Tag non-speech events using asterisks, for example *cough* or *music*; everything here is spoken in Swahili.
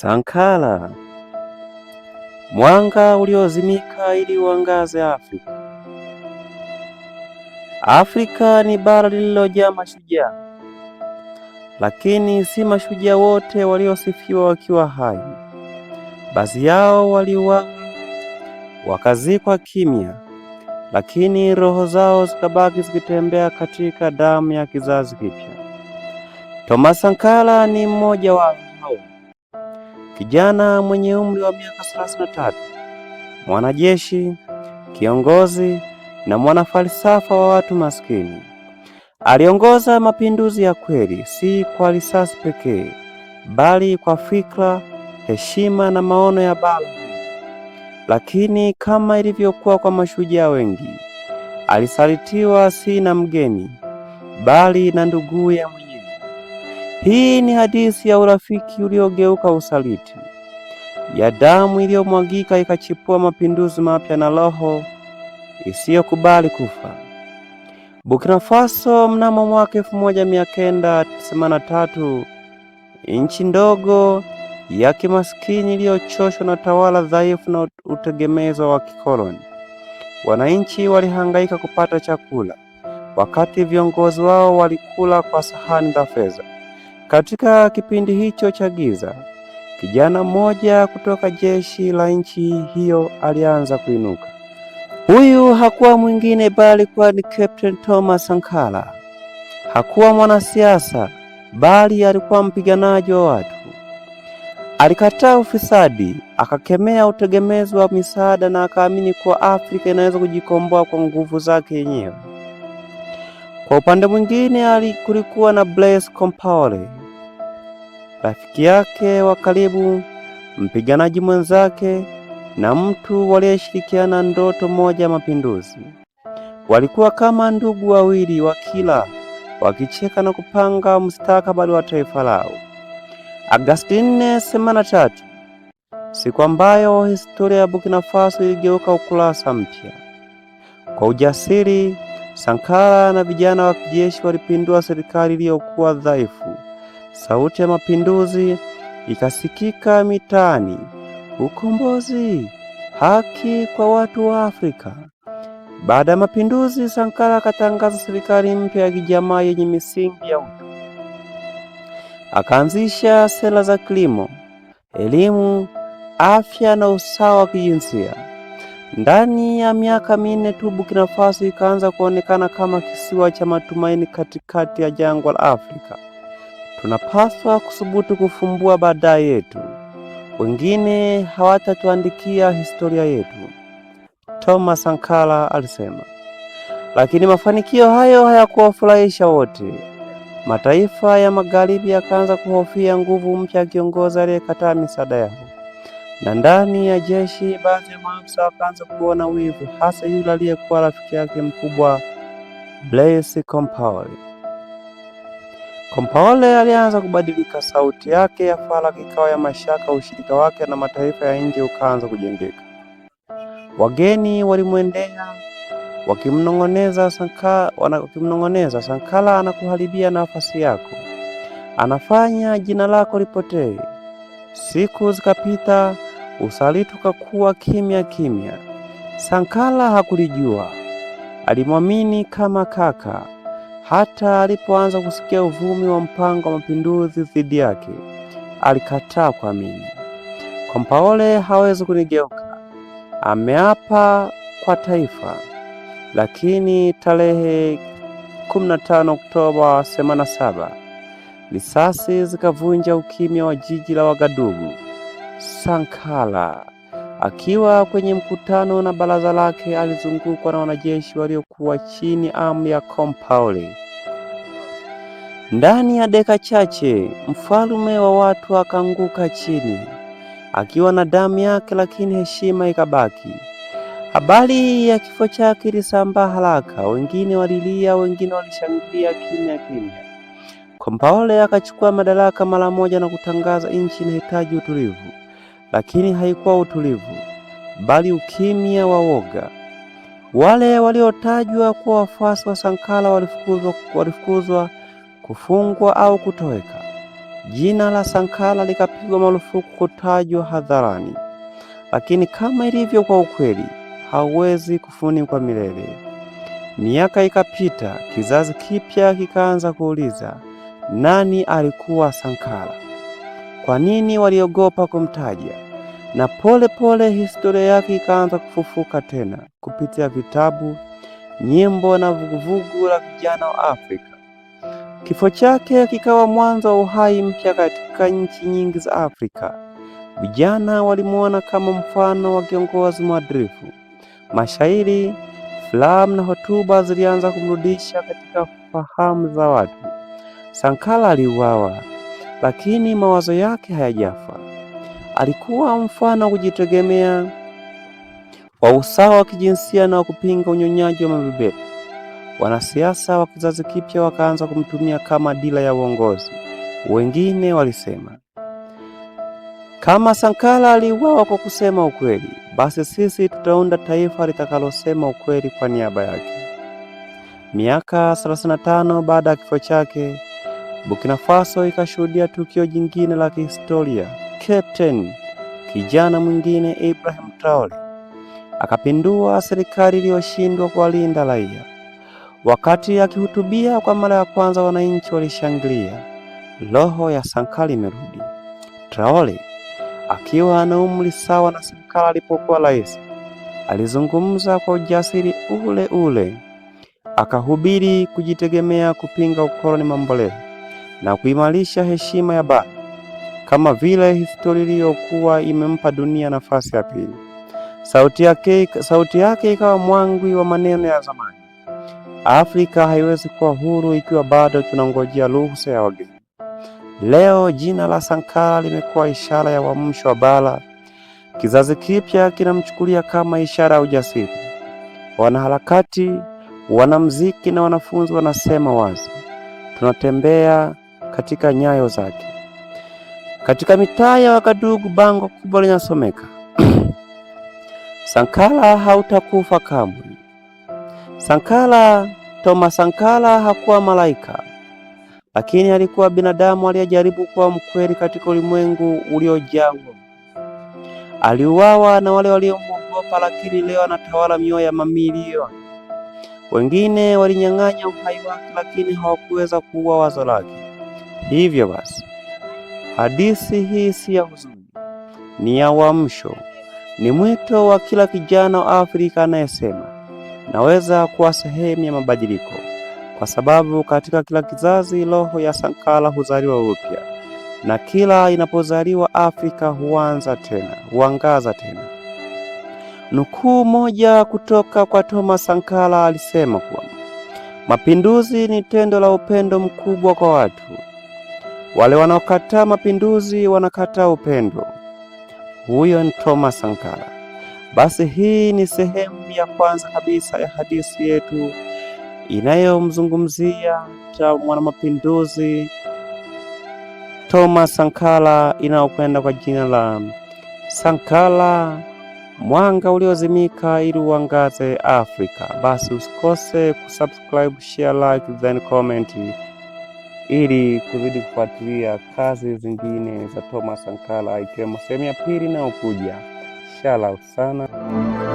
Sankara, mwanga uliozimika ili uangaze Afrika. Afrika ni bara lililojaa mashujaa, lakini si mashujaa wote waliosifiwa wakiwa hai. Baadhi yao waliuawa, wakazikwa kimya, lakini roho zao zikabaki zikitembea katika damu ya kizazi kipya. Thomas Sankara ni mmoja wa hao kijana mwenye umri wa miaka thelathini na tatu, mwanajeshi, kiongozi na mwanafalsafa wa watu maskini. Aliongoza mapinduzi ya kweli, si kwa risasi pekee, bali kwa fikra, heshima na maono ya baba. Lakini kama ilivyokuwa kwa mashujaa wengi, alisalitiwa si na mgeni, bali na nduguye mwenye hii ni hadithi ya urafiki uliogeuka usaliti, ya damu iliyomwagika ikachipua mapinduzi mapya na roho isiyokubali kufa. Burkina Faso mnamo mwaka 1983, nchi ndogo ya kimaskini iliyochoshwa na tawala dhaifu na utegemezo wa kikoloni. Wananchi walihangaika kupata chakula, wakati viongozi wao walikula kwa sahani za fedha. Katika kipindi hicho cha giza, kijana mmoja kutoka jeshi la nchi hiyo alianza kuinuka. Huyu hakuwa mwingine bali kuwa ni Captain Thomas Sankara. Hakuwa mwanasiasa bali alikuwa mpiganaji wa watu. Alikataa ufisadi, akakemea utegemezi wa misaada na akaamini kuwa Afrika inaweza kujikomboa kwa nguvu zake yenyewe. Kwa upande mwingine, alikulikuwa na Blaise Compaore rafiki yake wa karibu, mpiganaji mwenzake na mtu waliyeshirikiana ndoto moja ya mapinduzi. Walikuwa kama ndugu wawili wa kila, wakicheka na kupanga mustakabali wa taifa lao. Agosti tatu, siku ambayo historia ya Burkina Faso iligeuka ukurasa mpya. Kwa ujasiri, Sankara na vijana wa kijeshi walipindua serikali iliyokuwa dhaifu Sauti ya mapinduzi ikasikika mitaani: ukombozi, haki kwa watu wa Afrika. Baada ya mapinduzi, Sankara akatangaza serikali mpya ya kijamaa yenye misingi ya utu. Akaanzisha sera za kilimo, elimu, afya na usawa wa kijinsia. Ndani ya miaka minne tu, Burkina Faso ikaanza kuonekana kama kisiwa cha matumaini katikati ya jangwa la Afrika tunapaswa kusubutu kufumbua baadaye yetu. Wengine hawatatuandikia historia yetu, Thomas Sankara alisema. Lakini mafanikio hayo hayakuwafurahisha wote. Mataifa ya magharibi yakaanza kuhofia nguvu mpya ya kiongozi aliyekataa misaada yao, na ndani ya jeshi baadhi ya maafisa wakaanza kuona wivu, hasa yule aliyekuwa rafiki yake mkubwa Blaise Compaore. Kompaole alianza kubadilika, sauti yake ya fala ikawa ya mashaka, ushirika wake na mataifa ya nje ukaanza kujengeka. Wageni walimwendea wakimnong'oneza, Sankara, wakimnong'oneza, Sankara anakuharibia nafasi yako, anafanya jina lako lipotee. Siku zikapita, usaliti ukakuwa kimya kimya. Sankara hakulijua, alimwamini kama kaka. Hata alipoanza kusikia uvumi wa mpango wa mapinduzi dhidi yake, alikataa kuamini. Kompaole hawezi kunigeuka, ameapa kwa taifa. Lakini tarehe 15 Oktoba 87 risasi zikavunja ukimya wa jiji la Wagadugu. sankala Akiwa kwenye mkutano na baraza lake, alizungukwa na wanajeshi waliokuwa chini amri ya Kompauli. Ndani ya dakika chache mfalme wa watu akaanguka chini akiwa na damu yake, lakini heshima ikabaki. Habari ya kifo chake ilisambaa haraka, wengine walilia, wengine walishangilia kimya kimya. Kompaule akachukua madaraka mara moja na kutangaza, nchi inahitaji utulivu lakini haikuwa utulivu, bali ukimya wa woga. Wale waliotajwa kuwa wafuasi wa Sankara walifukuzwa, walifukuzwa, kufungwa au kutoweka. Jina la Sankara likapigwa marufuku kutajwa hadharani. Lakini kama ilivyo kwa ukweli, hauwezi kufunikwa milele. Miaka ikapita, kizazi kipya kikaanza kuuliza nani alikuwa Sankara. Kwa nini waliogopa kumtaja? Na pole pole historia yake ikaanza kufufuka tena kupitia vitabu, nyimbo na vuguvugu la vijana wa Afrika. Kifo chake kikawa mwanzo wa uhai mpya katika nchi nyingi za Afrika. Vijana walimwona kama mfano wa kiongozi mwadilifu. Mashairi, filamu na hotuba zilianza kumrudisha katika fahamu za watu. Sankara aliuawa lakini mawazo yake hayajafa. Alikuwa mfano wa kujitegemea, wa usawa wa kijinsia na wa kupinga unyonyaji wa mabeberu. Wanasiasa wa kizazi kipya wakaanza kumtumia kama dira ya uongozi. Wengine walisema kama Sankara aliuawa kwa kusema ukweli, basi sisi tutaunda taifa litakalosema ukweli kwa niaba yake. Miaka 35 baada ya kifo chake Burkina Faso ikashuhudia tukio jingine la kihistoria. Captain kijana mwingine Ibrahim Traore akapindua serikali iliyoshindwa kuwalinda raia. Wakati akihutubia kwa mara ya kwanza, wananchi walishangilia, roho ya Sankara imerudi. Traore akiwa na umri sawa na Sankara alipokuwa rais, alizungumza kwa ujasiri ule ule, akahubiri kujitegemea, kupinga ukoloni mamboleo na kuimarisha heshima ya Baba, kama vile historia iliyokuwa imempa dunia nafasi ya pili. Sauti yake, sauti yake ikawa mwangwi wa maneno ya zamani. Afrika haiwezi kuwa huru ikiwa bado tunangojea ruhusa ya wageni. Leo jina la Sankara limekuwa ishara ya uamsho wa bara. Kizazi kipya kinamchukulia kama ishara ya ujasiri. Wanaharakati, wanamuziki na wanafunzi wanasema wazi, tunatembea katika nyayo zake. Katika mitaa ya Wagadugu bango kubwa linasomeka *clears throat* Sankara hautakufa kamwe. Sankara Thomas Sankara hakuwa malaika, lakini alikuwa binadamu aliyejaribu kuwa mkweli katika ulimwengu uliojangwa. Aliuawa na wale waliomwogopa, lakini leo anatawala mioyo ya mamilioni. Wengine walinyang'anya uhai wake, lakini hawakuweza kuua wazo lake. Hivyo basi hadithi hii si ya huzuni, ni ya uamsho, ni mwito wa kila kijana wa Afrika anayesema naweza kuwa sehemu ya mabadiliko, kwa sababu katika kila kizazi roho ya sankala huzaliwa upya, na kila inapozaliwa Afrika huanza tena, huangaza tena. Nukuu moja kutoka kwa Thomas sankala alisema kuwa mapinduzi ni tendo la upendo mkubwa kwa watu wale wanaokataa mapinduzi wanakataa upendo. Huyo ni Thomas Sankara. Basi hii ni sehemu ya kwanza kabisa ya hadithi yetu inayomzungumzia cha mwanamapinduzi Thomas Sankara inayokwenda kwa jina la Sankara, mwanga uliozimika ili uangaze Afrika. Basi usikose kusubscribe, share, like then comment ili kuzidi kufuatilia kazi zingine za Thomas Sankara ikiwemo sehemu ya pili inayokuja. shalau out sana.